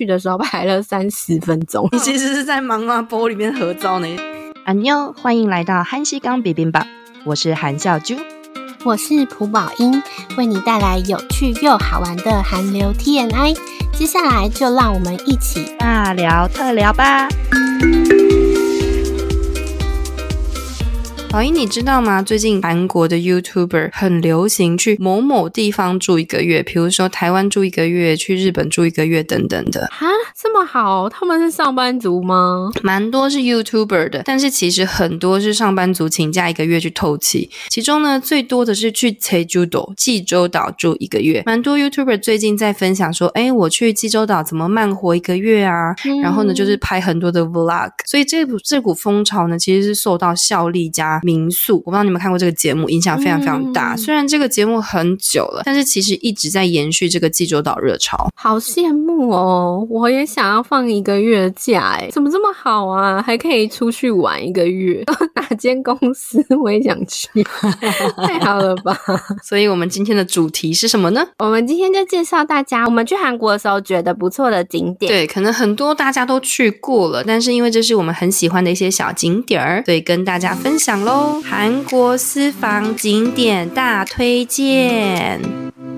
去的時候排了三十分鐘。 你其實是在《忙啊？波》裡面合照呢。阿妞，歡迎來到韓食柑 bibimbap，我是韓小啾，我是蒲寶英，為你帶來有趣又好玩的韓流 T N I。接下來就讓我們一起大聊特聊吧。老英，你知道嗎？最近韓國的 YouTuber 很流行去某某地方住一個月，比如說台灣住一個月，去日本住一個月，等等的。哈，這麼好？他們是上班族嗎？蠻多是 YouTuber 的，但是其實很多是上班族請假一個月去透氣。其中呢，最多的是去濟州島，濟州島住一個月。蠻多 YouTuber 最近在分享說，哎，我去濟州島怎麼慢活一個月啊？然後呢，嗯、就是拍很多的 vlog。所以這股這股風潮呢，其實是受到效力加。民宿，我不知道你們看過這個節目，影響非常非常大。嗯，雖然這個節目很久了，但是其實一直在延續這個濟州島熱潮。好羨慕哦，我也想要放一個月假哎，怎麼這麼好啊，還可以出去玩一個月？哪間公司？我也想去， 太好了吧？ 所以我們今天的主題是什麼呢？我們今天就介紹大家，我們去韓國的時候覺得不錯的景點。對，可能很多大家都去過了，但是因為這是我們很喜歡的一些小景點兒，所以跟大家分享嘍。韓國私房景點大推薦。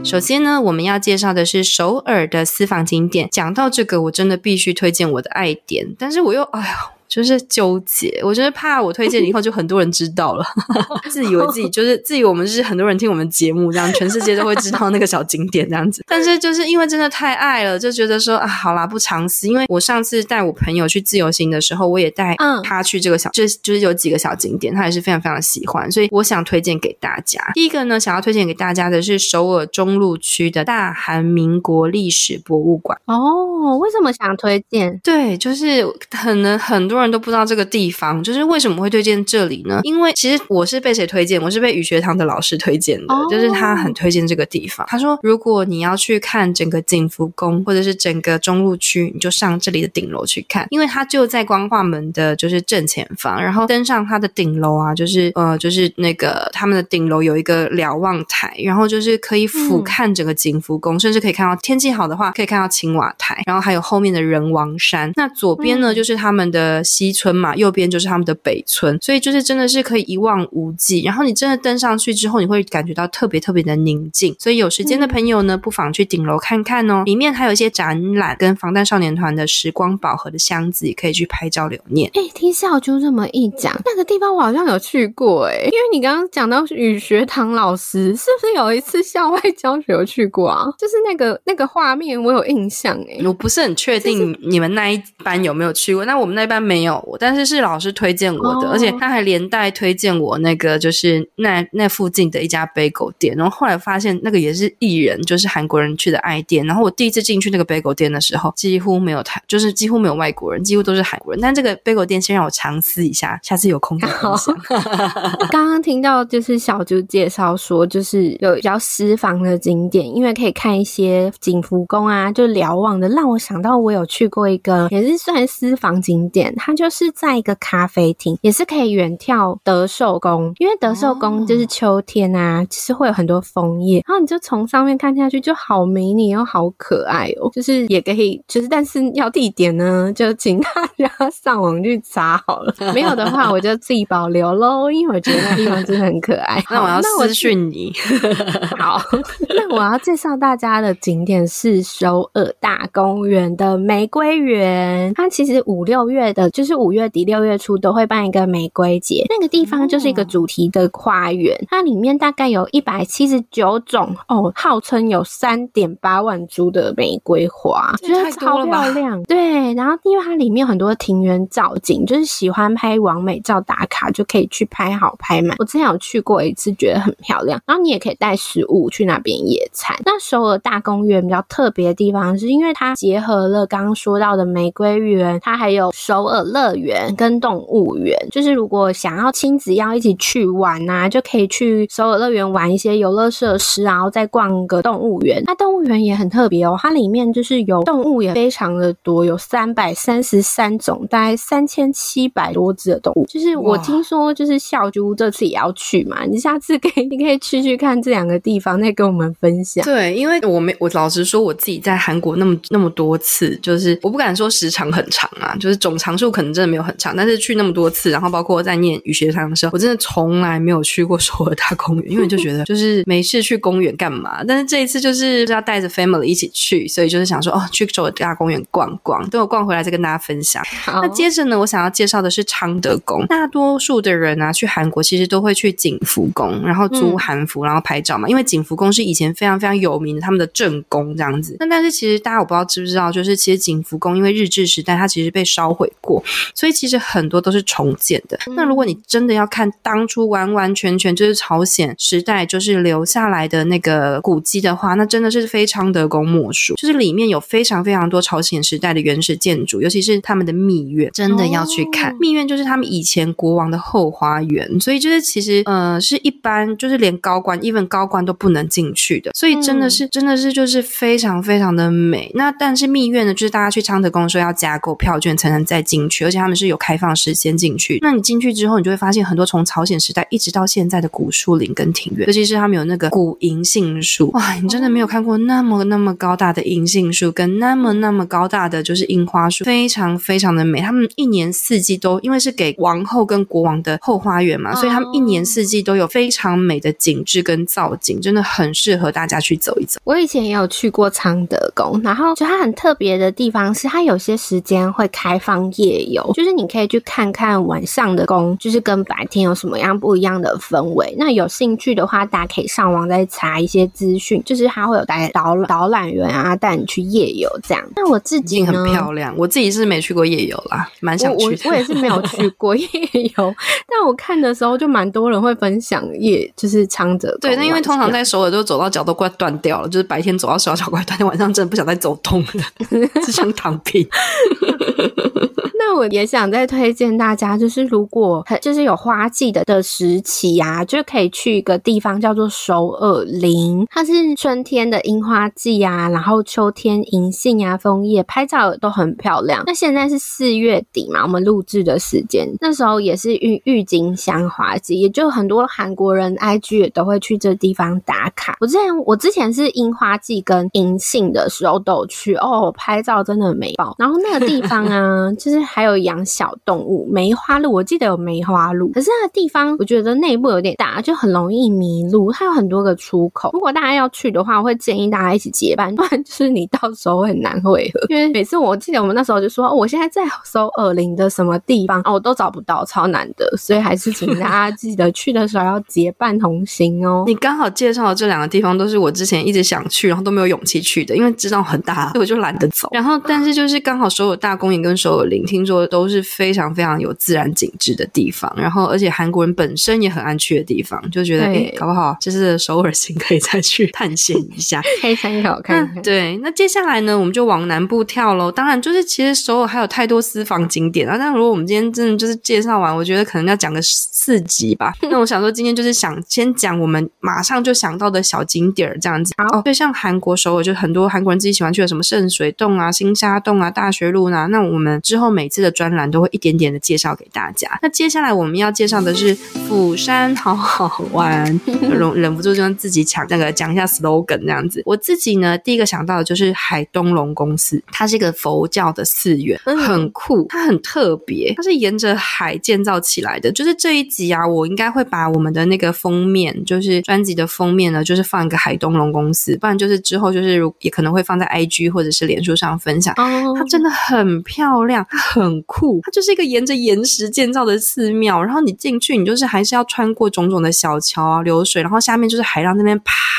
首先呢，我們要介紹的是首爾的私房景點。講到這個，我真的必須推薦我的愛點，但是我又，哎呦。就是糾結，我就是怕我推薦以後就很多人知道了， 自以為自己 就是自以為我們是很多人聽我們節目這樣，全世界都會知道那個小景點這樣子。 但是就是因為真的太愛了，就覺得說啊，好啦，不藏私。因為我上次帶我朋友去自由行的時候，我也帶他去這個小，這、嗯、就,就是有幾個小景點，他也是非常非常喜歡，所以我想推薦給大家。第一個呢，想要推薦給大家的是首爾鍾路區的大韓民國歷史博物館。哦，為什麼想推薦？對，就是可能很多人。人都不知道這個地方，就是為什麼會推薦這裡呢？因為其實我是被誰推薦？我是被語學堂的老師推薦的，oh. 就是他很推薦這個地方。他說，如果你要去看整個景福宮，或者是整個鐘路區，你就上這裡的頂樓去看，因為它就在光化門的就是正前方。然後登上它的頂樓啊，就是呃，就是那個他們的頂樓有一個瞭望台，然後就是可以俯瞰整個景福宮，嗯、甚至可以看到天氣好的話可以看到青瓦台，然後還有後面的仁王山。那左邊呢，嗯、就是他們的。西村嘛，右邊就是他們的北村，所以就是真的是可以一望無際。然後你真的登上去之後，你會感覺到特別特別的寧靜。所以有時間的朋友呢，嗯、不妨去頂樓看看哦。裡面還有一些展覽，跟防彈少年團的時光寶盒的箱子也可以去拍照留念。哎，聽啾英這麼一講，那個地方我好像有去過哎、欸，因為你剛剛講到語學堂老師，是不是有一次校外教學有去過啊？就是那個那個畫面，我有印象哎、欸，我不是很確定你們那一班有沒有去過。那我們那一班沒沒有我，但是是老師推薦我的、哦，而且他還連帶推薦我那個就是那那附近的一家貝果店，然後後來發現那個也是藝人，就是韓國人去的愛店。然後我第一次進去那個貝果店的時候，幾乎沒有他，就是幾乎沒有外國人，幾乎都是韓國人。但這個貝果店先讓我嘗試一下，下次有空看一下 剛剛聽到就是小啾介紹說，就是有比較私房的景點，因為可以看一些景福宮啊，就瞭望的，讓我想到我有去過一個也是算私房景點。它就是在一個咖啡廳，也是可以遠眺德壽宮，因為德壽宮就是秋天啊，其、哦、實會有很多楓葉，然後你就從上面看下去，就好迷你又好可愛哦。就是也可以，就是但是要地點呢，就請大家上網去查好了。沒有的話，我就自己保留嘍， 因為我覺得那地方真的很可愛。那我要私訊你。 好，那我要介紹大家的景點是首爾大公園的玫瑰園，它其實五六月的。就是五月底六月初都會辦一個玫瑰節，那個地方就是一個主題的花園，嗯、它裡面大概有一百七十九種哦，號稱有三點八萬株的玫瑰花，覺得它超漂亮。對，然後因為它裡面有很多庭園造景，就是喜歡拍網美照打卡就可以去拍，好拍滿。我之前有去過一次，覺得很漂亮。然後你也可以帶食物去那邊野餐。那首爾大公園比較特別的地方，是因為它結合了剛剛說到的玫瑰園，它還有首爾樂園跟動物園，就是如果想要親子要一起去玩吶、啊，就可以去首爾樂園玩一些遊樂設施，然後再逛個動物園。那、啊、動物園也很特別哦，它裡面就是有動物也非常的多，有三百三十三種，大概三千七百多隻的動物。就是我聽說，就是孝珠這次也要去嘛，你下次可以，你可以去去看這兩個地方，再跟我們分享。對，因為我沒，我老實說，我自己在韓國那麼那麼多次，就是我不敢說時長很長啊，就是總長數。可能真的沒有很長，但是去那麼多次，然後包括在念語學堂的時候，我真的從來沒有去過首爾大公園，因為就覺得就是沒事去公園幹嘛？ 但是這一次就是要帶着 family 一起去，所以就是想說哦，去首爾大公園逛逛，等我逛回來再跟大家分享。好。那接着呢，我想要介紹的是昌德宮。大多數的人啊，去韓國其實都會去景福宮，然後租韓服，然後拍照嘛，嗯、因為景福宮是以前非常非常有名的他們的正宮這樣子。那但是其實大家我不知道知不知道，就是其實景福宮因為日治時代它其實被燒毀過。所以其實很多都是重建的。那如果你真的要看當初完完全全就是朝鮮時代就是留下來的那個古蹟的話，那真的是非昌德宮莫屬。就是裡面有非常非常多朝鮮時代的原始建築，尤其是他們的秘苑，真的要去看。秘、哦、苑就是他們以前國王的後花園，所以就是其實呃是一般就是連高官，even 高官都不能進去的。所以真的是、嗯、真的是就是非常非常的美。那但是秘苑呢，就是大家去昌德宮的時候要加購票券才能再進去。而且他們是有開放時間進去。那你進去之後，你就會發現很多從朝鮮時代一直到現在的古樹林跟庭院，尤其是他們有那個古銀杏樹，哇，你真的沒有看過那麼那麼高大的銀杏樹，跟那麼那麼高大的就是櫻花樹，非常非常的美。他們一年四季都因為是給王后跟國王的後花園嘛，所以他們一年四季都有非常美的景致跟造景，真的很適合大家去走一走。我以前也有去過昌德宮，然後就它很特別的地方是它有些時間會開放夜。有，就是你可以去看看晚上的宮，就是跟白天有什麼樣不一樣的氛圍。那有興趣的話，大家可以上網再查一些資訊，就是他會有帶導導覽員啊，帶你去夜遊這樣。那我自己很漂亮，我自己是沒去過夜遊啦，蠻想去我我。我也是沒有去過夜遊， 但我看的時候就蠻多人會分享，夜，就是昌德宮。對，那因為通常在首爾都走到腳都快斷掉了，就是白天走到手腳快斷，晚上真的不想再走動了，只 想躺平。 那我也想再推薦大家，就是如果很就是有花季的的時期啊，就可以去一個地方叫做首爾林，它是春天的櫻花季啊，然後秋天銀杏啊、楓葉拍照都很漂亮。那現在是四月底嘛，我們錄制的時間那時候也是鬱鬱金香花季，也就很多韓國人 IG 也都會去這地方打卡。我之前我之前是櫻花季跟銀杏的時候都有去哦，拍照真的美爆。然後那個地方啊， 就是。還有養小動物梅花鹿，我記得有梅花鹿，可是那個地方我覺得內部有點大，就很容易迷路。它有很多個出口，如果大家要去的話，我會建議大家一起結伴，不然就是你到時候很難會合。因為每次我記得我們那時候就說，哦、我現在在首爾林的什麼地方哦，我都找不到，超難的。所以還是請大家記得去的時候要結伴同行哦。 你剛好介紹的這兩個地方都是我之前一直想去，然後都沒有勇氣去的，因為知道很大，所以我就懶得走。然後但是就是剛好首爾大公園跟首爾林，聽。做都是非常非常有自然景致的地方，然後而且韓國人本身也很愛去的地方，就覺得哎，搞不好，這是首爾行可以再去探險一下，非常好看。對，那接下來呢，我們就往南部跳嘍。當然，就是其實首爾還有太多私房景點啊。但如果我們今天真的就是介紹完，我覺得可能要講個四集吧。那我想說，今天就是想先講我們馬上就想到的小景點，這樣子。哦，對，像韓國首爾就很多韓國人自己喜歡去的什麼聖水洞啊、新沙洞啊、大學路吶、啊。那我們之後每這個專欄都會一點點的介紹給大家。那接下來我們要介紹的是釜山好好玩，容忍不住就讓自己搶那個講一下 slogan 那樣子。我自己呢，第一個想到的就是海東龍宮寺，它是一個佛教的寺院，很酷，它很特別，它是沿着海建造起來的。就是這一集啊，我應該會把我們的那個封面，就是專輯的封面呢，就是放一個海東龍宮寺，不然就是之後就是也可能會放在 IG 或者是臉書上分享。Oh. 它真的很漂亮。很酷，它就是一個沿着岩石建造的寺廟，然後你進去，你就是還是要穿過種種的小橋啊、流水，然後下面就是海浪在那邊啪。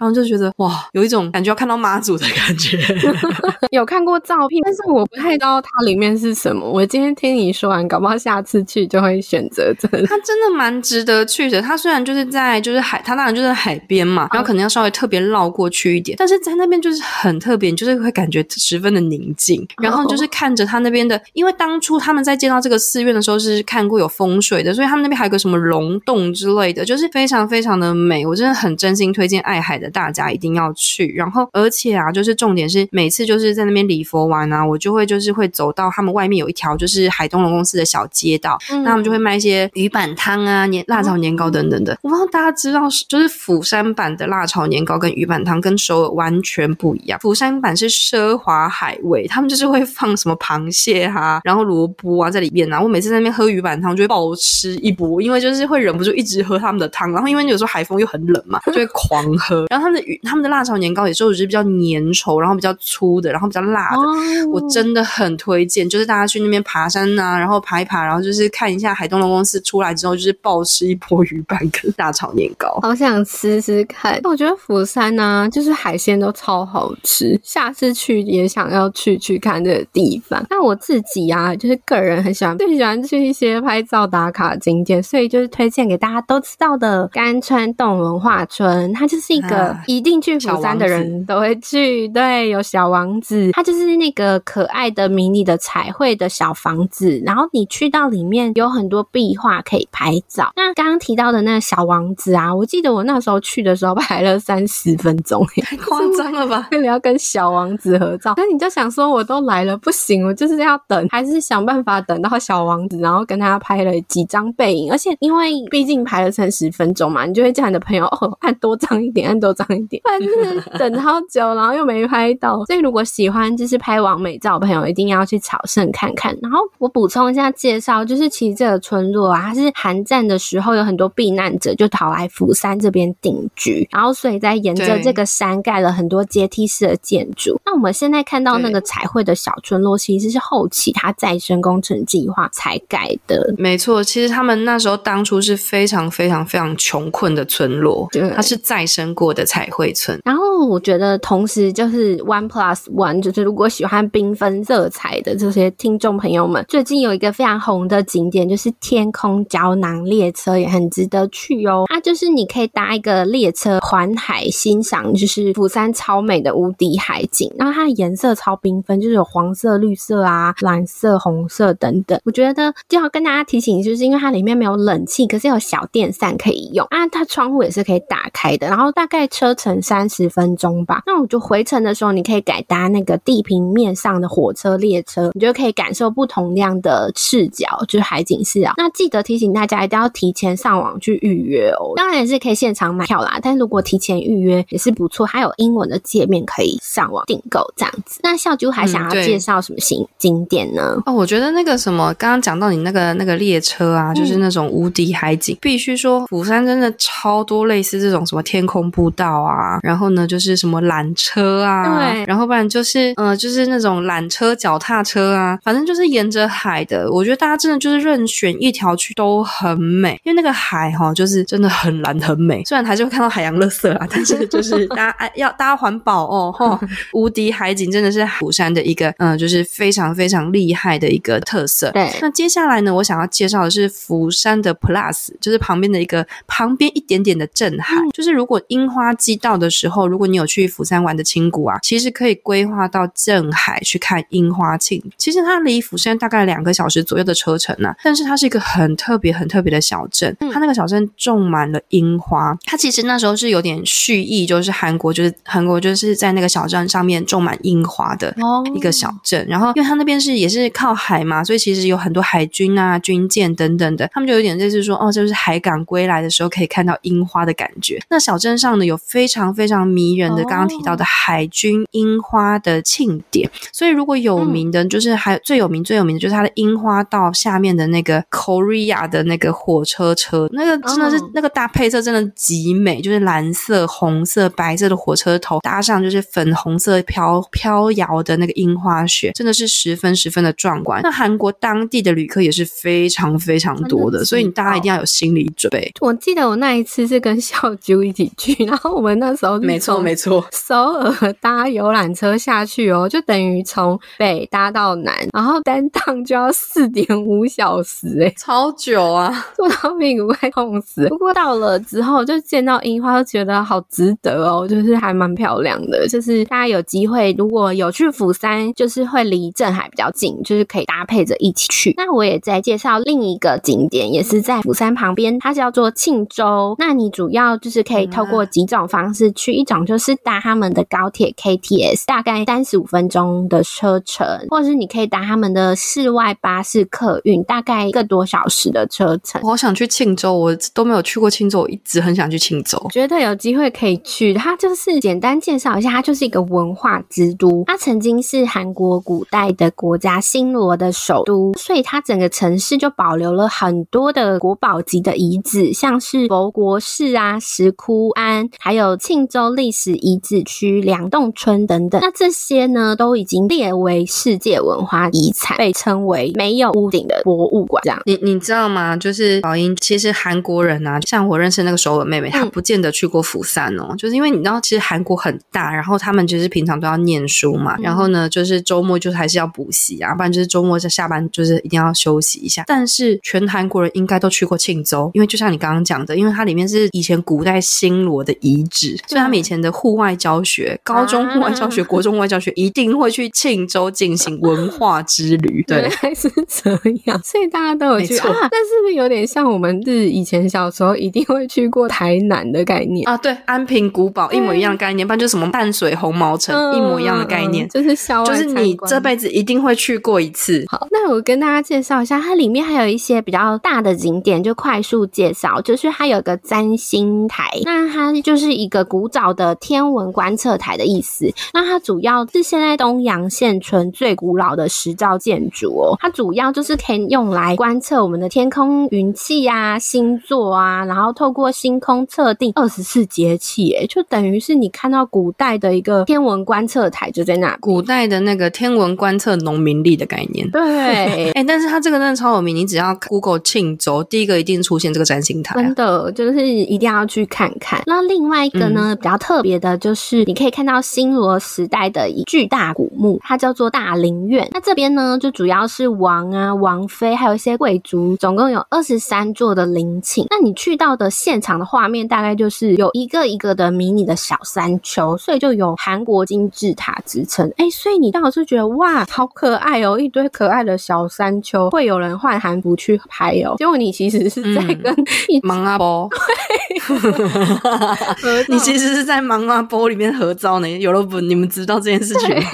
然後就覺得哇，有一種感覺要看到媽祖的感覺。 有看過照片，但是我不太知道它裡面是什麼。我今天聽你說完，搞不好下次去就會選擇這裡、個。它真的蠻值得去的。它雖然就是在就是海，它當然就在海邊嘛，然後可能要稍微特別繞過去一點，哦、但是在那邊就是很特別，就是會感覺十分的寧靜。然後就是看着它那邊的，哦、因為當初他們在見到這個寺院的時候是看過有風水的，所以他們那邊還有個什麼溶洞之類的，就是非常非常的美。我真的很真心推薦愛海的。大家一定要去，然後而且啊，就是重點是每次就是在那邊禮佛完啊，我就會就是會走到他們外面有一條就是海東龍宮寺的小街道，嗯、那他們就會賣一些魚板湯啊、年辣炒年糕等等的、嗯。我不知道大家知道，就是釜山版的辣炒年糕跟魚板湯跟首爾完全不一樣，釜山版是奢華海味，他們就是會放什麼螃蟹哈、啊，然後蘿蔔啊在裡邊啊。我每次在那邊喝魚板湯，就會爆吃一波，因為就是會忍不住一直喝他們的湯，然後因為有時候海風又很冷嘛，就會狂喝。 他們的魚，他們的辣炒年糕也是我覺得比較粘稠，然後比較粗的，然後比較辣的。Oh. 我真的很推薦，就是大家去那邊爬山啊，然後爬一爬，然後就是看一下海東龍公司出來之後，就是暴吃一波魚板跟辣炒年糕。好想吃吃看。那我覺得釜山呢、啊，就是海鮮都超好吃，下次去也想要去去看這個地方。那我自己啊，就是個人很喜歡，最喜歡去一些拍照打卡的景點，所以就是推薦給大家都知道的甘川洞文化村，它就是一個、嗯。一定去釜山的人都會去，對，有小王子，他就是那個可愛的、迷你的、彩繪的小房子。然後你去到裡面，有很多壁畫可以拍照。那剛剛提到的那個小王子啊，我記得我那時候去的時候排了三十分鐘，太誇張了吧？那 你 要跟小王子合照，那你就想說，我都來了，不行，我就是要等，還是想辦法等到小王子，然後跟他拍了幾張背影。而且因為畢竟排了三十分鐘嘛，你就會叫你的朋友哦，按多張一點，按多。長一點，反正等好久， 然後又沒拍到。所以如果喜歡就是拍完美照的朋友，一定要去朝聖看看。然後我補充一下介紹，就是其實這個村落啊，它是韓戰的時候有很多避難者就逃來釜山這邊定居，然後所以在沿着這個山蓋了很多階梯式的建築。那我們現在看到那個彩繪的小村落，其實是後期它再生工程計劃才改的。沒錯，其實他們那時候當初是非常非常非常窮困的村落，就是它是再生過的。彩繪村啊。我覺得同時就是 One Plus One，就是如果喜歡繽紛色彩的這些聽眾朋友們，最近有一個非常紅的景點，就是天空膠囊列車，也很值得去哦。啊，就是你可以搭一個列車環海欣，欣賞就是釜山超美的無敵海景，然後它的顏色超繽紛，就是有黃色、綠色啊、藍色、紅色等等。我覺得就要跟大家提醒，就是因為它裡面沒有冷氣，可是有小電扇可以用啊，它窗戶也是可以打開的，然後大概車程三十分。分鐘吧。那我就回程的時候，你可以改搭那個地平面上的火車列車，你就可以感受不同樣的視角，就是海景是啊。那記得提醒大家，一定要提前上網去預約哦。當然也是可以現場買票啦，但是如果提前預約也是不錯。還有英文的界面可以上網訂購這樣子。那小啾還想要介紹什麼新景點呢？哦，我覺得那個什麼剛剛講到你那個那個列車啊，就是那種無敵海景，嗯、必須說釜山真的超多類似這種什麼天空步道啊，然後呢就是。就是什麼纜車啊？對，然後不然就是，呃，就是那種纜車、腳踏車啊，反正就是沿着海的。我覺得大家真的就是任選一條去都很美，因為那個海哈、哦、就是真的很藍很美。雖然還是會看到海洋垃圾啊，但是就是大家 要大家環保哦。吼、哦，無敵海景真的是釜山的一個，嗯、呃，就是非常非常厲害的一個特色。對，那接下來呢，我想要介紹的是釜山的 Plus，就是旁邊的一個旁邊一點點的鎮海、嗯，就是如果櫻花季到的時候，如果你有去釜山玩的親故啊，其實可以規劃到鎮海去看櫻花慶。其實它離釜山大概兩個小時左右的車程呢，啊。但是它是一個很特別、很特別的小鎮，嗯。它那個小鎮種滿了櫻花。它其實那時候是有點蓄意，就是韓國，就是韓國，就是在那個小鎮上面種滿櫻花的一個小鎮。哦，然後因為它那邊是也是靠海嘛，所以其實有很多海軍啊、軍艦等等的。他們就有點類似說，哦，這就是海港歸來的時候可以看到櫻花的感覺。那小鎮上呢，有非常非常迷。的剛剛提到的海軍櫻花的慶典、哦，所以如果有名的，就是還、嗯、最有名、最有名的就是它的櫻花道下面的那個 Korea 的那個火車車，那個真的是、哦、那個搭配色真的極美，就是藍色、紅色、白色的火車頭搭上就是粉紅色飄飄搖的那個櫻花雪，真的是十分十分的壯觀。那韓國當地的旅客也是非常非常多的，的所以你大家一定要有心理準備。哦、我記得我那一次是跟小舅一起去，然後我們那時候沒錯。哦、沒錯，首爾搭遊覽車下去哦，就等於從北搭到南，然後單趟就要四點五小時、欸，誒，超久啊，坐到屁股快痛死。不過到了之後就見到櫻花，就覺得好值得哦，就是還蠻漂亮的。就是大家有機會如果有去釜山，就是會離鎮海比較近，就是可以搭配着一起去。那我也再介紹另一個景點，也是在釜山旁邊，它叫做慶州。那你主要就是可以透過幾種方式去，一種。就是搭他們的高鐵 KTS，大概三十五分鐘的車程，或者是你可以搭他們的市外巴士客運，大概一個多小時的車程。我好想去慶州，我都沒有去過慶州，我一直很想去慶州。覺得有機會可以去。它就是簡單介紹一下，它就是一個文化之都。它曾經是韓國古代的國家，新羅的首都，所以它整個城市就保留了很多的國寶級的遺址，像是佛國寺啊、石窟庵，還有慶州歷史，是遺址區、梁洞村等等，那這些呢都已經列為世界文化遺產，被稱為“沒有屋頂的博物館”這樣。你你知道嗎？就是老鷹，其實韓國人呢、啊，像我認識那個首爾妹妹、嗯，她不見得去過釜山哦，就是因為你知道，其實韓國很大，然後他們就是平常都要念書嘛，嗯、然後呢，就是周末就是還是要補習啊，不然就是周末在下班就是一定要休息一下。但是全韓國人應該都去過慶州，因為就像你剛剛講的，因為它裡面是以前古代新羅的遺址，嗯、所以他們以前的。戶外教學、高中戶外教學、國中戶外教學， 一定會去慶州進行文化之旅， 對、嗯，還是怎樣？所以大家都有去啊？那是不是有點像我們日以前小時候一定會去過台南的概念啊？對，安平古堡、嗯、一模一樣的概念，不然就什麼淡水紅毛城、嗯、一模一樣的概念，嗯、就是小就是你這輩子一定會去過一次。好，那我跟大家介紹一下，它裡面還有一些比較大的景點，就快速介紹，就是它有個占星台，那它就是一個古早的。天文觀測台的意思，那它主要是現在東洋現存最古老的石造建築哦。它主要就是可以用來觀測我們的天空雲氣啊、星座啊，然後透過星空測定二十四節氣，哎，就等於是你看到古代的一個天文觀測台就在那。古代的那個天文觀測農民曆的概念。對，哎、 欸，但是它這個真的超有名，你只要 Google 慶州，第一個一定出現這個占星台、啊，真的就是一定要去看看。那另外一個呢，嗯、比較特別。別的就是，你可以看到新羅時代的一巨大古墓，它叫做大陵苑。那這邊呢，就主要是王啊、王妃，還有一些貴族，總共有二十三座的陵寢。那你去到的現場的畫面，大概就是有一個一個的迷你的小山丘，所以就有韓國金字塔之稱。哎、欸，所以你當時覺得哇，好可愛哦、喔，一堆可愛的小山丘，會有人換韓服去拍哦、喔。結果你其實是在跟、嗯、一忙阿包， 你其實是在忙。嗯、啊！玻璃面合照呢？有了不？你們知道這件事情嗎？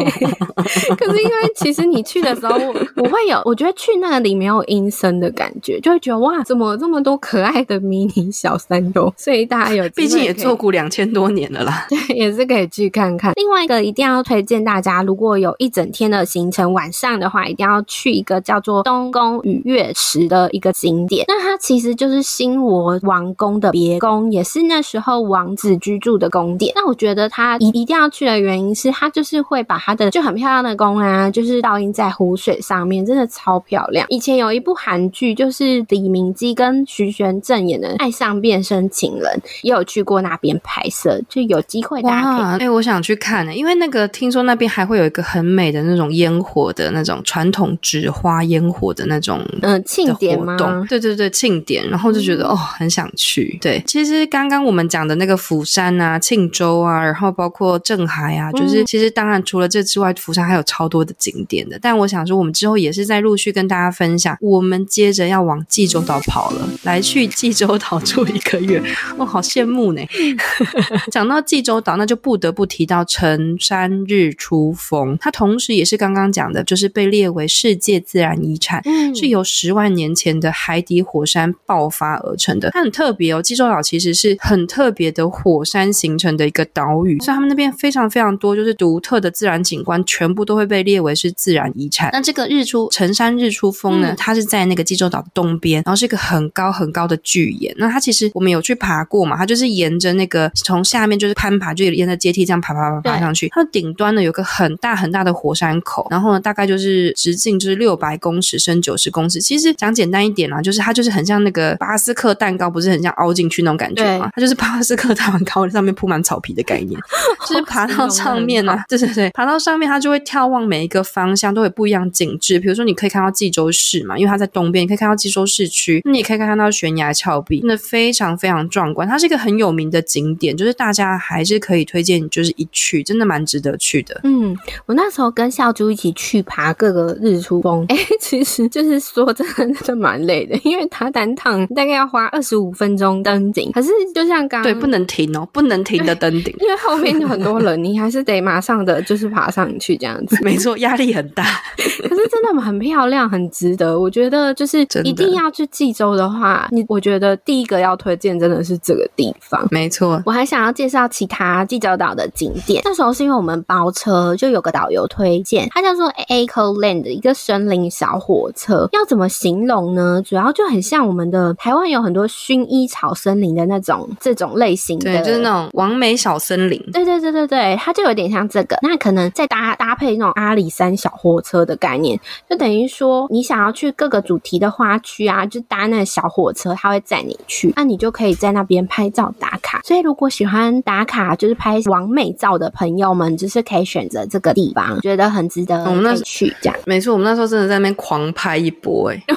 可是因為其實你去的時候，我，我會有我覺得去那裡沒有陰森的感覺，就會覺得哇，怎麼這麼多可愛的迷你小山丘？所以大家有，畢竟也作古兩千多年了啦。對，也是可以去看看。另外一個一定要推薦大家，如果有一整天的行程，晚上的話一定要去一個叫做東宮與月池的一個景點。那它其實就是新羅王宮的別宮，也是那時候王子居住的宮殿。但我覺得他一一定要去的原因是，他就是會把他的就很漂亮的宮啊，就是倒映在湖水上面，真的超漂亮。以前有一部韓劇，就是李明基跟徐玄振演的《愛上變身情人》，也有去過那邊拍攝，就有機會大家看。哎，我想去看欸，因為那個聽說那邊還會有一個很美的那種煙火的那種傳統紙花煙火的那種的呃慶典嗎？對對對，慶典，然後就覺得、嗯、哦，很想去。對，其實剛剛我們講的那個釜山啊，慶州。州啊，然後包括鎮海啊，就是其實當然除了這之外，釜山，還有超多的景點的。但我想說，我們之後也是在陸續跟大家分享。我們接着要往濟州島跑了，來去濟州島住一個月，我、哦、好羨慕呢。 講到濟州島，那就不得不提到城山日出峰，它同時也是剛剛講的，就是被列為世界自然遺產、嗯，是由十萬年前的海底火山爆發而成的。它很特別哦，濟州島其實是很特別的火山形成的。一個島嶼，所以他們那邊非常非常多，就是獨特的自然景觀，全部都會被列為是自然遺產。那這個日出，城山日出峰呢，嗯，它是在那個濟州島的東邊，然後是一個很高很高的巨巖。那它其實我們有去爬過嘛？它就是沿着那個從下面就是攀爬，就沿着階梯這樣爬爬爬爬，爬上去。它的頂端呢，有個很大很大的火山口，然後呢，大概就是直徑就是六百公尺，深九十公尺。其實講簡單一點啊，就是它就是很像那個巴斯克蛋糕，不是很像凹進去那種感覺嗎？它就是巴斯克蛋糕上面鋪滿草。峭壁的概念，就是爬到上面啊！對對對，爬到上面，它就會眺望，每一個方向，都有不一樣景緻。比如說，你可以看到濟州市嘛，因為它在東邊，你可以看到濟州市區。那你也可以看到懸崖峭壁，真的非常非常壯觀。它是一個很有名的景點，就是大家還是可以推薦，就是一去真的蠻值得去的。嗯，我那時候跟孝珠一起去爬各個日出峰，哎、欸，其實就是說真的，真的蠻累的，因為爬單趟大概要花二十五分鐘登頂，可是就像剛對，不能停哦，不能停的登因為後面有很多人， 你還是得馬上的就是爬上去這樣子，沒錯，壓力很大， 可是真的很漂亮，很值得。我覺得就是一定要去濟州的話，你我覺得第一個要推薦真的是這個地方，沒錯。我還想要介紹其他濟州島的景點。那時候是因為我們包車就有個導遊推薦，他叫做 Eco Land 的一個森林小火車，要怎麼形容呢？主要就很像我們的台灣有很多薰衣草森林的那種這種類型的，就是那種完美。小森林，對對對對對，它就有點像這個。那可能再搭搭配那種阿里山小火車的概念，就等於說你想要去各個主題的花區啊，就搭那小火車，它會載你去。那你就可以在那邊拍照打卡。所以如果喜歡打卡，就是拍完美照的朋友們，就是可以選擇這個地方，覺得很值得。我們那去這樣，沒錯，我們那時候真的在那邊狂拍一波，欸，哎，因為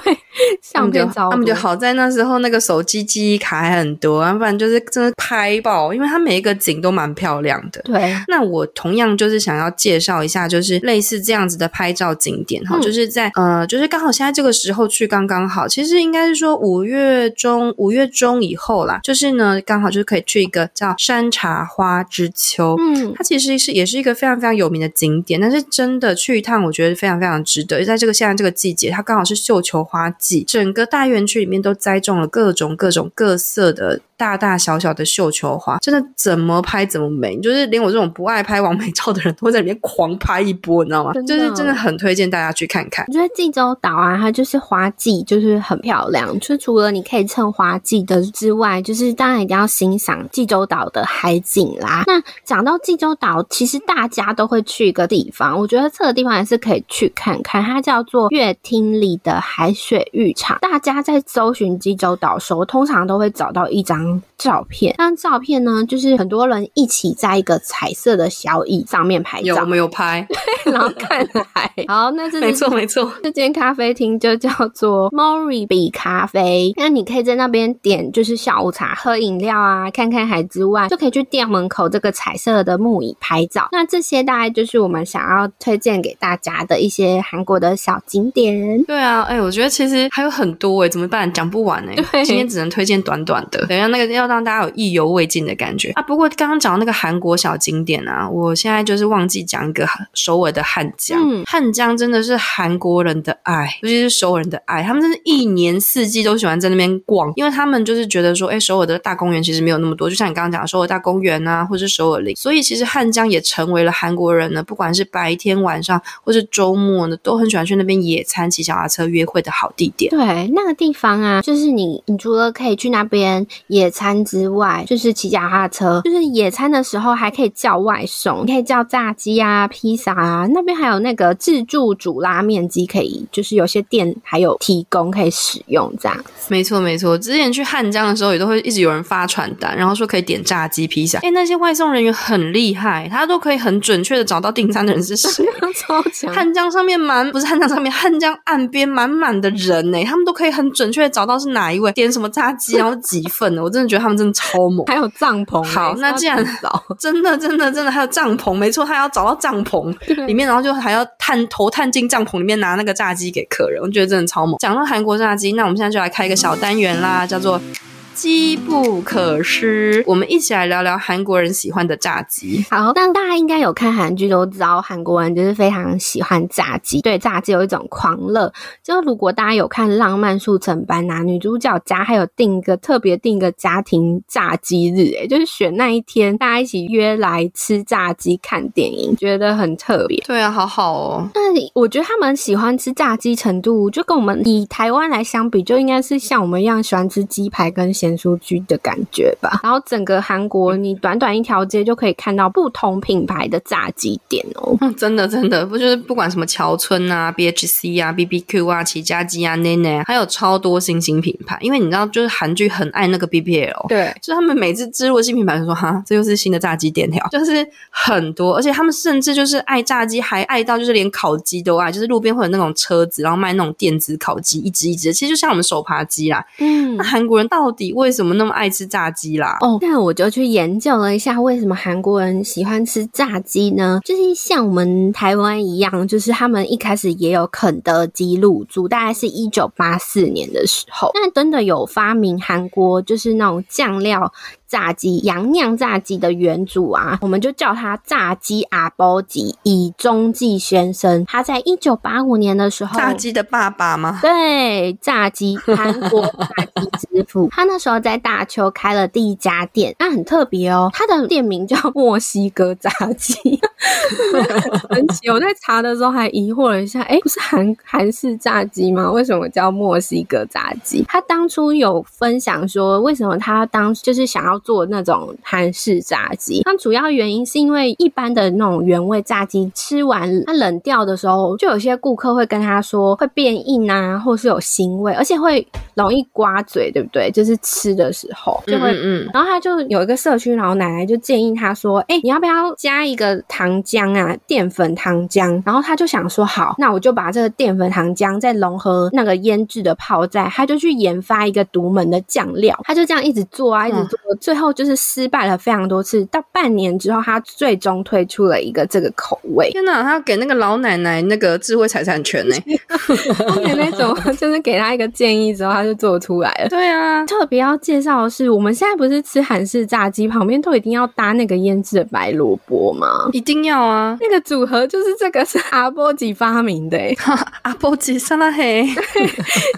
他們他們就好在那時候那個手機記憶卡還很多啊，不然就是真的拍爆，因為它每一個。景都蠻漂亮的，對。那我同樣就是想要介紹一下，就是類似這樣子的拍照景點哈、哦嗯，就是在呃，就是剛好現在這個時候去剛剛好。其實應該是說五月中，五月中以後啦，就是呢剛好就是可以去一個叫山茶花之丘，嗯，它其實是也是一個非常非常有名的景點，但是真的去一趟我覺得非常非常值得。在這個現在這個季節，它剛好是繡球花季，整個大園區裡面都栽種了各種各種各色的大大小小的繡球花，真的怎麼。拍怎麼美，就是連我這種不愛拍網美照的人，都會在裡面狂拍一波，你知道嗎？就是真的很推薦大家去看看。我覺得濟州島啊，它就是花季就是很漂亮，就是除了你可以趁花季的之外，就是當然一定要欣賞濟州島的海景啦。那講到濟州島，其實大家都會去一個地方，我覺得這個地方還是可以去看看，它叫做月汀里的海水浴場。大家在搜尋濟州島的時候，通常都會找到一張照片，這張照片呢，就是很多。人一起在一個彩色的小椅上面拍照，有沒有拍？ 對，然後看海。 好，那這是沒錯沒錯。這間咖啡廳就叫做 Morib 咖啡。那你可以在那邊點就是下午茶、喝飲料啊，看看海之外，就可以去店門口這個彩色的木椅拍照。那這些大概就是我們想要推薦給大家的一些韓國的小景點。對啊，哎、欸，我覺得其實還有很多哎、欸，怎麼辦？講不完哎、欸，今天只能推薦短短的，等下那個要讓大家有意猶未盡的感覺啊。不過。剛剛講到那個韓國小景點啊，我現在就是忘記講一個首爾的漢江。嗯，漢江真的是韓國人的愛，尤其是首爾人的愛，他們真的一年四季都喜歡在那邊逛，因為他們就是覺得說，哎，首爾的大公園其實沒有那麼多，就像你剛剛講的首爾大公園啊，或是首爾林，所以其實漢江也成為了韓國人呢，不管是白天晚上或是周末呢，都很喜歡去那邊野餐、騎腳踏車、約會的好地點。對，那個地方啊，就是你，你除了可以去那邊野餐之外，就是騎腳踏車，野餐的時候還可以叫外送，可以叫炸雞啊、披薩啊。那邊還有那個自助煮拉麵機，可以就是有些店還有提供可以使用這樣。沒錯沒錯，之前去漢江的時候也都會一直有人發傳單，然後說可以點炸雞披薩。哎、欸，那些外送人員很厲害，他都可以很準確的找到訂餐的人是誰，超強！漢 江上面滿，不是漢江上面，漢江岸邊滿滿的人呢、欸，他們都可以很準確的找到是哪一位點什麼炸雞，然後幾份的。 我真的覺得他們真的超猛，還有帳篷、欸。好他竟然找，真的，真的，真的，還有帳篷，沒錯，他要找到帳篷 裡面，然後就還要探頭探進帳篷裡面拿那個炸雞給客人，我覺得真的超猛。講到韓國炸雞，那我們現在就來開一個小單元啦，嗯、叫做。雞不可失，我們一起來聊聊韓國人喜歡的炸雞。好，那大家應該有看韓劇都知道，韓國人就是非常喜歡炸雞，對炸雞有一種狂熱。就如果大家有看《浪漫速成班》吶、啊，女主角家還有定一個特別定一個家庭炸雞日、欸，就是選那一天大家一起約來吃炸雞看電影，覺得很特別。對啊，好好哦。那我覺得他們喜歡吃炸雞程度，就跟我們以台灣來相比，就應該是像我們一樣喜歡吃雞排跟鹹。韓束居的感覺吧，然後整個韓國，你短短一條街就可以看到不同品牌的炸雞店哦，嗯，真的真的，不就是不管什麼橋村啊、BHC 啊、BBQ 啊、奇家雞啊、奈奈、啊，還有超多新興品牌，因為你知道，就是韓劇很愛那個 BBL，對，就是他們每次置入的新品牌就說哈，這又是新的炸雞店條，就是很多，而且他們甚至就是愛炸雞，還愛到就是連烤雞都愛，就是路邊會有那種車子，然後賣那種電子烤雞，一隻一隻，其實就像我們手扒雞啦，嗯，那韓國人到底，為什麼那麼愛吃炸雞啦？哦，Oh，那我就去研究了一下，為什麼韓國人喜歡吃炸雞呢？就是像我們台灣一樣，就是他們一開始也有肯德基入駐，大概是一九八四年的時候，那真的有發明韓國就是那種醬料。炸雞，洋釀炸雞的原主啊，我們就叫他炸雞阿波吉以中紀先生。他在一九八五年的時候，炸雞的爸爸嗎？對，炸雞，韓國炸雞之父。 他那時候在大邱開了第一家店，那很特別哦。他的店名叫墨西哥炸雞， 很奇，我在查的時候還疑惑了一下，哎、欸，不是韓韓式炸雞嗎？為什麼叫墨西哥炸雞？他當初有分享說，為什麼他當就是想要。做那種韓式炸雞，它主要原因是因為一般的那種原味炸雞，吃完它冷掉的時候，就有些顧客會跟他說會變硬啊，或是有腥味，而且會容易颳嘴，對不對？就是吃的時候就會，嗯，嗯。然後他就有一個社區老奶奶就建議他說，哎、欸，你要不要加一個糖漿啊，澱粉糖漿？然後他就想說好，那我就把這個澱粉糖漿再融合那個醃制的泡菜，他就去研發一個獨門的醬料，他就這樣一直做啊，一直做。最後就是失敗了非常多次，到半年之後，他最終推出了一個這個口味。天吶，他給那個老奶奶那個智慧財產權呢、欸？後 面 那種就是給他一個建議之後，他就做出來了？對啊，特別要介紹的是，我們現在不是吃韓式炸雞旁邊都一定要搭那個醃制的白蘿蔔嗎？一定要啊！那個組合就是這個是阿波吉發明的、欸， 阿波吉上了嘿， 對，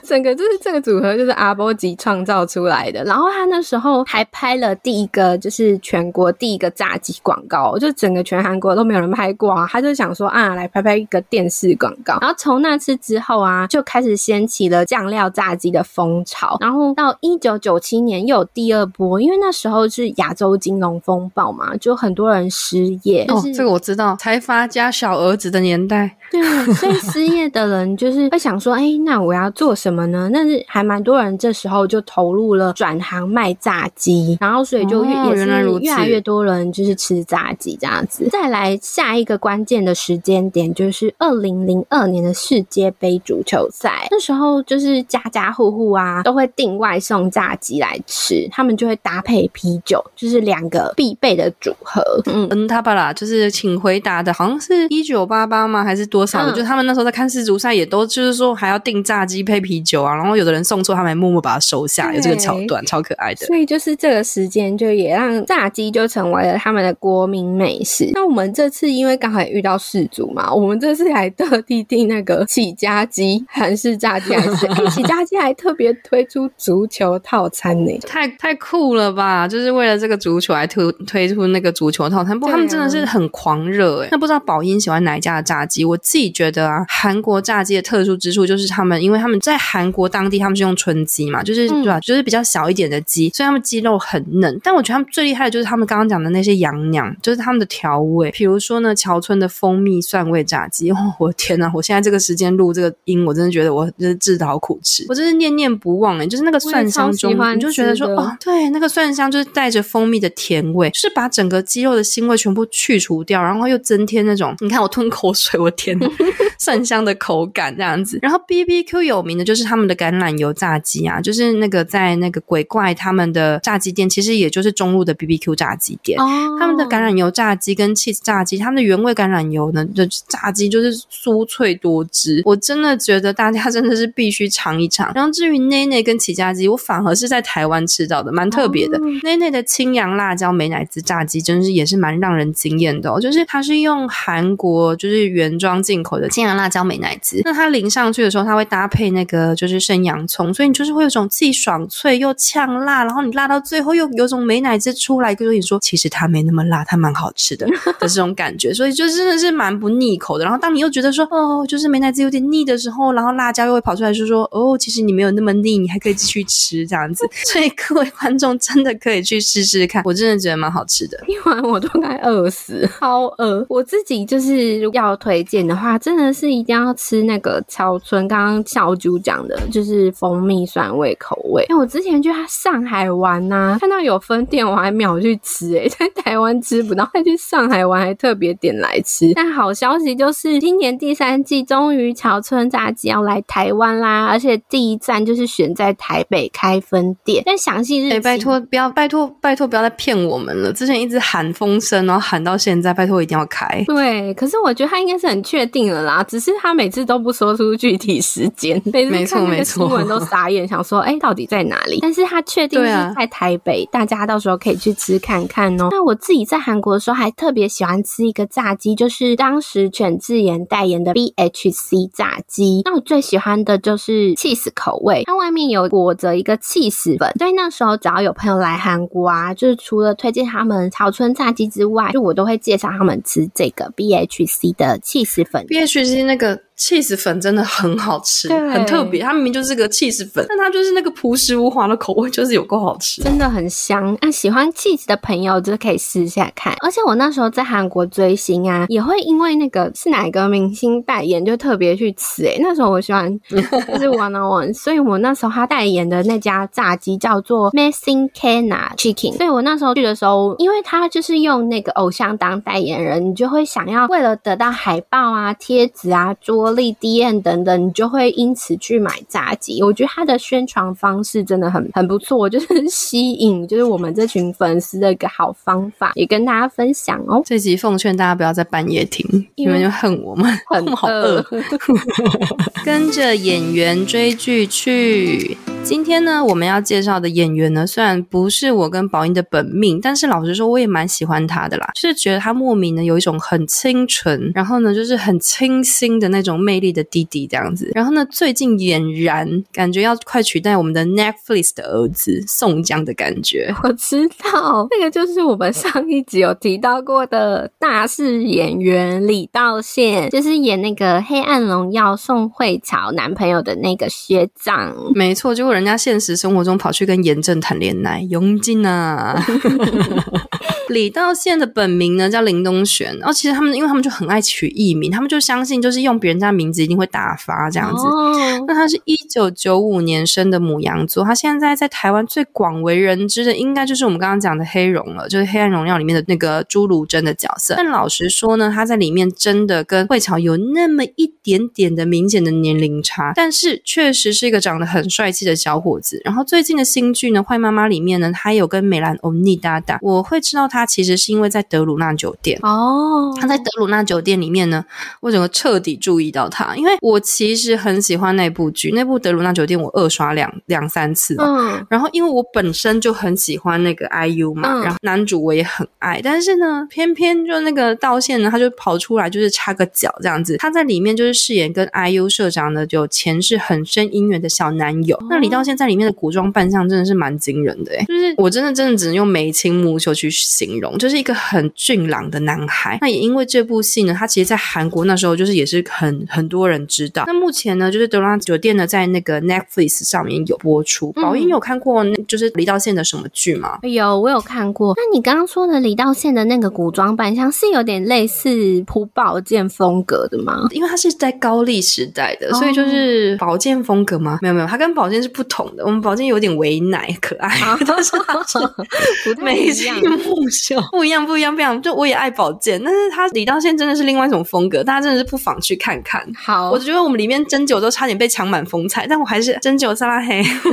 整個就是這個組合就是阿波吉創造出來的。然後他那時候還拍。了第一個就是全國第一個炸雞廣告，就整個全韓國都沒有人拍過啊。他就想說啊，來拍拍一個電視廣告。然後從那次之後啊，就開始掀起了醬料炸雞的風潮。然後到一九九七年又有第二波，因為那時候是亞洲金融風暴嘛，就很多人失業。就是、哦，這個我知道，財閥家小兒子的年代。 對，所以失業的人就是會想說，哎、欸，那我要做什麼呢？但是還蠻多人這時候就投入了轉行賣炸雞。然後，所以就也是越來越多人，就是吃炸雞這樣子。再來下一個關鍵的時間點，就是二零零二年的世界杯足球賽。那時候就是家家戶戶啊都會訂外送炸雞來吃，他們就會搭配啤酒，就是兩個必備的組合。嗯，嗯，他爸啦，就是請回答的好像是一九八八嗎？還是多少的、嗯？就他們那時候在看世足賽，也都就是說還要訂炸雞配啤酒啊。然後有的人送錯，他們還默默把它收下，有這個橋段，超可愛的。所以就是這個時。之間就也讓炸雞就成為了他們的國民美食。那我們這次因為剛好也遇到世足嘛，我們這次還特地訂那個起家雞，韓式炸雞還是、欸、起家雞，還特別推出足球套餐呢， 太太酷了吧？就是為了這個足球而推推出那個足球套餐，不、過、啊、他們真的是很狂熱哎、欸。那不知道寶英喜歡哪一家的炸雞？我自己覺得啊，韓國炸雞的特殊之處就是他們，因為他們在韓國當地他們是用春雞嘛，就是對吧、嗯？就是比較小一點的雞，所以他們雞肉很嫩，但我覺得他們最厲害的就是他們剛剛講的那些羊娘，就是他們的調味。比如說呢，橋村的蜂蜜蒜味炸雞，哦，我天哪、啊！我現在這個時間錄這個音，我真的覺得我真是自討苦吃，我真是念念不忘哎、欸，就是那個蒜香中，超喜歡，你就覺得說，哦，對，那個蒜香就是帶着蜂蜜的甜味，就是把整個雞肉的腥味全部去除掉，然後又增添那種，你看我吞口水，我天、啊， 蒜香的口感這樣子。然後 BBQ 有名的，就是他們的橄欖油炸雞啊，就是那個在那個鬼怪他們的炸雞店其實也就是中路的 BBQ 炸雞店，oh. 他們的橄欖油炸雞跟 cheese 炸雞，他們的原味橄欖油呢的、就是、炸雞就是酥脆多汁，我真的覺得大家真的是必須嘗一嘗。然後至於內內跟起家雞，我反而是在台灣吃到的，蠻特別的。內、oh. 內的青陽辣椒美乃滋炸雞，真是也是蠻讓人驚豔的。哦，就是它是用韓國就是原裝進口的青陽辣椒美乃滋，那它淋上去的時候，它會搭配那個就是生洋蔥，所以你就是會有種既爽脆又嗆辣，然後你辣到最後又。有，有種美乃滋出來，跟你說，其實它沒那麼辣，它蠻好吃的的這種感覺，所以就真的是蠻不膩口的。然後當你又覺得說，哦，就是美乃滋有點膩的時候，然後辣椒又會跑出來，說說，哦，其實你沒有那麼膩，你還可以繼續吃這樣子。所以各位觀眾真的可以去試試看，我真的覺得蠻好吃的。因為我都快餓死，超餓。我自己就是要推薦的話，真的是一定要吃那個橋村剛剛小豬講的就是蜂蜜酸味口味。因為我之前去上海玩吶、啊。那有分店，我還秒去吃誒、欸，在台灣吃不到，還去上海玩，還特別點來吃。但好消息就是，今年第三季終於橋村炸雞要來台灣啦，而且第一站就是選在台北開分店。但詳細日、欸，拜託不要拜託拜託不要再騙我們了，之前一直喊風聲，然後喊到現在，拜託一定要開。對，可是我覺得他應該是很確定了啦，只是他每次都不說出具體時間，每次看一個新聞都傻眼，想說哎、欸，到底在哪裡？但是他確定是在台北。大家到時候可以去吃看看哦。那我自己在韓國的時候，還特別喜歡吃一個炸雞，就是當時全智賢代言的 B H C 炸雞。那我最喜歡的就是 cheese 口味，它外面有裹着一個 cheese 粉。所以那時候只要有朋友來韓國啊，就是除了推薦他們潮村炸雞之外，就我都會介紹他們吃這個 B H C 的 cheese 粉。B H C 那個。cheese 粉真的很好吃，對，很特別。它明明就是個 cheese 粉，但它就是那個樸實無華的口味，就是有夠好吃。真的很香。那、啊、喜歡 cheese 的朋友，就是可以試一下看。而且我那時候在韓國追星啊，也會因為那個是哪個明星代言，就特別去吃、欸。哎，那時候我喜歡就是 One On One， 所以我那時候他代言的那家炸雞叫做 Messing Cana Chicken。所以我那時候去的時候，因為他就是用那個偶像當代言人，你就會想要為了得到海報啊、貼紙啊、桌。利 D 等等，你就會因此去買炸雞。我覺得他的宣傳方式真的很很不錯，就是吸引，就是我們這群粉絲的一個好方法，也跟大家分享哦。這集奉勸大家不要在半夜聽，因為你們就恨我們，很餓、呃，他們好餓 跟着演員追劇去。今天呢，我們要介紹的演員呢，雖然不是我跟寶英的本命，但是老實說，我也蠻喜歡他的啦，就是覺得他莫名的有一種很清純，然後呢，就是很清新的那種魅力的弟弟這樣子。然後呢，最近儼然，感覺要快取代我們的 Netflix 的兒子宋江的感覺。我知道，那個就是我們上一集有提到過的大勢演員李到睍，就是演那個《黑暗榮耀》宋慧喬男朋友的那個學長。 沒錯，就。人家現實生活中跑去跟嚴正談戀愛，永金啊！ 李到睍的本名呢叫林東玄，哦，其實他們因為他們就很愛取藝名，他們就相信就是用別人家名字一定會打發這樣子。哦、那他是一九九五年生的牡羊座，他現在在台灣最廣為人知的應該就是我們剛剛講的黑榮了，就是《黑暗榮耀》裡面的那個朱露珍的角色。但老實說呢，他在裡面真的跟慧喬有那麼一點點的明顯的年齡差，但是確實是一個長得很帥氣的。小伙子，然後最近的新劇呢，《壞媽媽》裡面呢，他有跟美蘭歐尼搭檔。我會知道他其實是因為在《德魯納酒店》哦，他在《德魯納酒店》裡面呢，我整個徹底注意到他，因為我其實很喜歡那部劇，那部《德魯納酒店》我二刷兩兩三次。嗯，然後因為我本身就很喜歡那個 IU 嘛、嗯，然後男主我也很愛，但是呢，偏偏就那個到睍呢，他就跑出來就是插個腳這樣子，他在裡面就是飾演跟 IU 社長的就前世很深姻緣的小男友那裡。哦李到睍，在裡面的古裝扮相真的是蠻驚人的誒、欸，就是我真的真的只能用眉清目秀去形容，就是一個很俊朗的男孩。那也因為這部戲呢，他其實在韓國那時候就是也是很很多人知道。那目前呢，就是《德魯納酒店》呢在那個 Netflix 上面有播出。寶英有看過，嗯嗯，就是李到睍的什麼劇嗎？有，我有看過。那你剛剛說的李到睍的那個古裝扮相是有點類似朴寶劍風格的嗎？因為他是在高麗時代的，哦、所以就是寶劍風格嗎？沒有沒有，他跟寶劍是。不同的，我們寶劍有點為奶可愛，啊、但是他是他說麼眉清不一樣，不一樣，不一樣。就我也愛寶劍，但是他李到睍真的是另外一種風格，大家真的是不妨去看看。好，我覺得我們裡面針灸都差點被搶滿風采，但我還是針灸薩拉黑。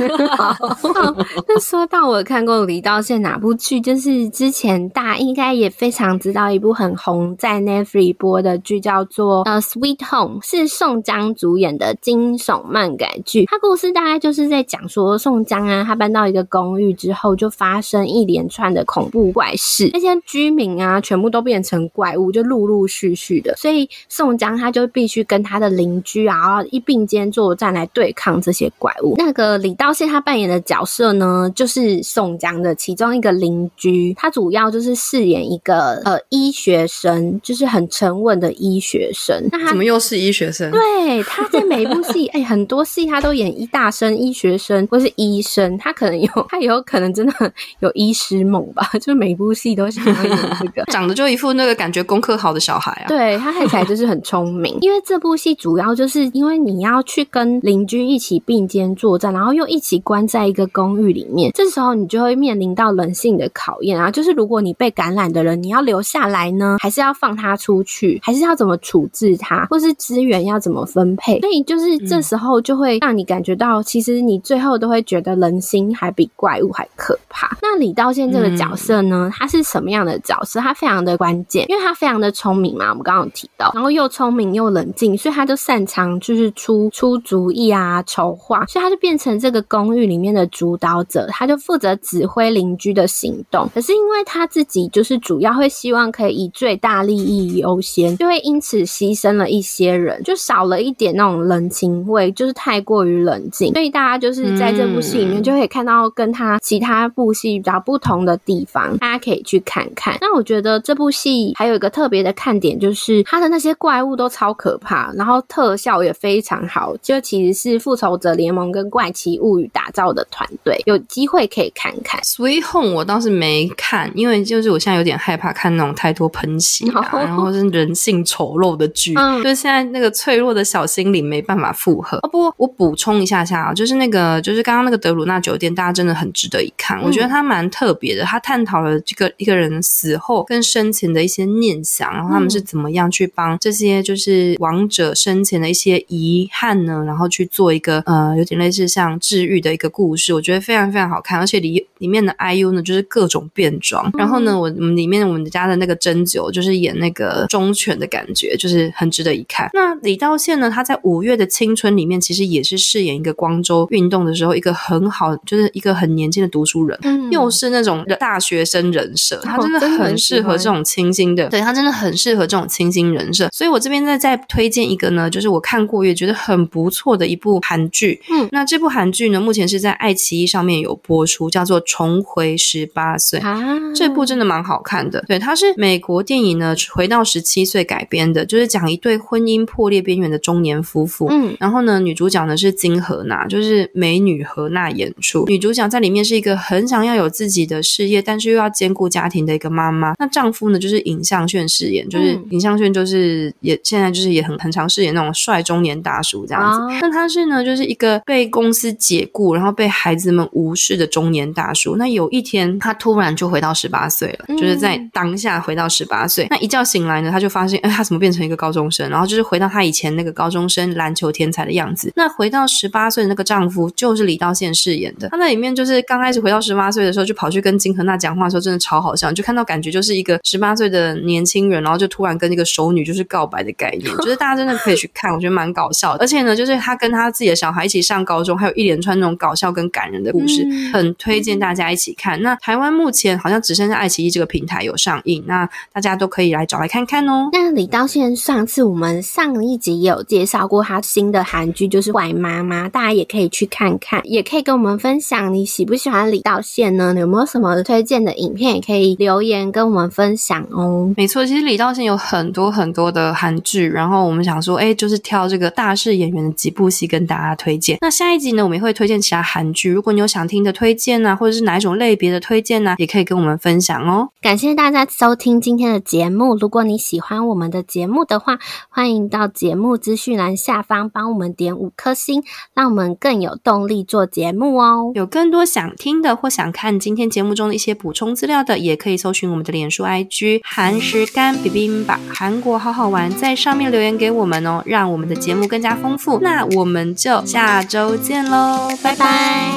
那說到我看過李到睍哪部劇，就是之前大家應該也非常知道一部很紅在 Netflix 播的劇，叫做《呃 Sweet Home》，是宋江主演的驚悚漫改劇。他故事大概就是在。在講說宋江啊，他搬到一個公寓之後，就發生一連串的恐怖怪事。那些居民啊，全部都變成怪物，就陸陸續續的。所以宋江他就必須跟他的鄰居啊一並肩作戰來對抗這些怪物。那個李到睍他扮演的角色呢，就是宋江的其中一個鄰居。他主要就是飾演一個呃醫學生，就是很沉穩的醫學生。那他怎麼又是醫學生？對，他在每一部戲，哎、 欸，很多戲他都演醫大生、醫學。學生或是醫生，他可能有，他也有可能真的有醫師夢吧？就是每部戲都想要演這個， 長得就一副那個感覺功課好的小孩啊。對，他看起來就是很聰明， 因為這部戲主要就是因為你要去跟鄰居一起並肩作戰，然後又一起關在一個公寓裡面，這時候你就會面臨到人性的考驗啊。就是如果你被感染的人，你要留下來呢，還是要放他出去，還是要怎麼處置他，或是資源要怎麼分配？所以就是這時候就會讓你感覺到，其實你、嗯。最後都會覺得人心還比怪物還可怕。那李到睍這個角色呢？他、嗯、是什麼樣的角色？他非常的關鍵，因為他非常的聰明嘛。我們剛剛有提到，然後又聰明又冷靜，所以他就擅長就是出出主意啊、籌劃。所以他就變成這個公寓裡面的主導者，他就負責指揮鄰居的行動。可是因為他自己就是主要會希望可以以最大利益優先，就會因此犧牲了一些人，就少了一點那種人情味，就是太過於冷靜，所以大家就。就是在這部戲裡面，就可以看到跟他其他部戲比較不同的地方，嗯，大家可以去看看。那我覺得這部戲還有一個特別的看點，就是他的那些怪物都超可怕，然後特效也非常好。就其實是《復仇者聯盟》跟《怪奇物語》打造的團隊，有機會可以看看。《Sweet Home》我倒是沒看，因為就是我現在有點害怕看那種太多噴漆、啊 oh. 然後是人性醜陋的劇，嗯，就現在那個脆弱的小心靈沒辦法負荷。哦，不過我補充一下下啊，就是那個。那個就是剛剛那個德魯納酒店，大家真的很值得一看。嗯、我覺得它蠻特別的，它探討了這個一個人死後跟生前的一些念想，然後他們是怎麼樣去幫這些就是亡者生前的一些遺憾呢？然後去做一個呃，有點類似像治癒的一個故事。我覺得非常非常好看，而且裡裡面的 IU 呢，就是各種變裝、嗯。然後呢，我們裡面我們家的那個珍九，就是演那個忠犬的感覺，就是很值得一看。那李到睍呢，他在《五月的青春》裡面其實也是飾演一個光州運動的時候，一個很好，就是一個很年輕的讀書人，嗯、又是那種大學生人設、嗯，他真的很適合這種清新的。嗯、對他真的很適合這種清新人設，所以我這邊再再推薦一個呢，就是我看過也覺得很不錯的一部韓劇。嗯，那這部韓劇呢，目前是在愛奇藝上面有播出，叫做《重回十八歲》啊，這部真的蠻好看的，對，它是美國電影呢《回到十七歲》改編的，就是講一對婚姻破裂邊緣的中年夫婦。嗯，然後呢，女主角呢是金荷娜，就是。美女荷娜演出，女主角在裡面是一個很想要有自己的事業，但是又要兼顧家庭的一個媽媽。那丈夫呢，就是尹相炫飾演，就是尹相炫就是也現在就是也很很常飾演那種帥中年大叔這樣子、哦。那他是呢，就是一個被公司解僱，然後被孩子們無視的中年大叔。那有一天，他突然就回到十八歲了，就是在當下回到十八歲、嗯。那一覺醒來呢，他就發現，哎，他怎麼變成一個高中生？然後就是回到他以前那個高中生籃球天才的樣子。那回到十八歲的那個丈夫，就是李到睍飾演的，他那裡面就是剛開始回到十八歲的時候，就跑去跟金荷娜講話的時候，真的超好笑，就看到感覺就是一個十八歲的年輕人，然後就突然跟一個熟女就是告白的概念，覺、就、得、是、大家真的可以去看， 我覺得蠻搞笑的。而且呢，就是他跟他自己的小孩一起上高中，還有一連串那種搞笑跟感人的故事，嗯、很推薦大家一起看。嗯、那台灣目前好像只剩下愛奇藝這個平台有上映，那大家都可以來找來看看哦。那李到睍上次我們上一集也有介紹過他新的韓劇就是《壞媽媽》，大家也可以去看。看看，也可以跟我們分享你喜不喜歡李到睍呢？有沒有什麼推薦的影片？也可以留言跟我們分享哦。沒錯，其實李到睍有很多很多的韓劇，然後我們想說，哎、欸，就是挑這個大勢演員的幾部戲跟大家推薦。那下一集呢，我們也會推薦其他韓劇。如果你有想聽的推薦呢、啊，或者是哪一種類別的推薦呢、啊，也可以跟我們分享哦。感謝大家收聽今天的節目。如果你喜歡我們的節目的話，歡迎到節目資訊欄下方幫我們點五顆星，讓我們更有。動力做節目哦！有更多想聽的或想看今天節目中的一些補充資料的，也可以搜尋我們的臉書 IG 韓食柑 bibimbap，韓國好好玩，在上面留言給我們哦，讓我們的節目更加豐富。那我們就下周見嘍， 拜拜。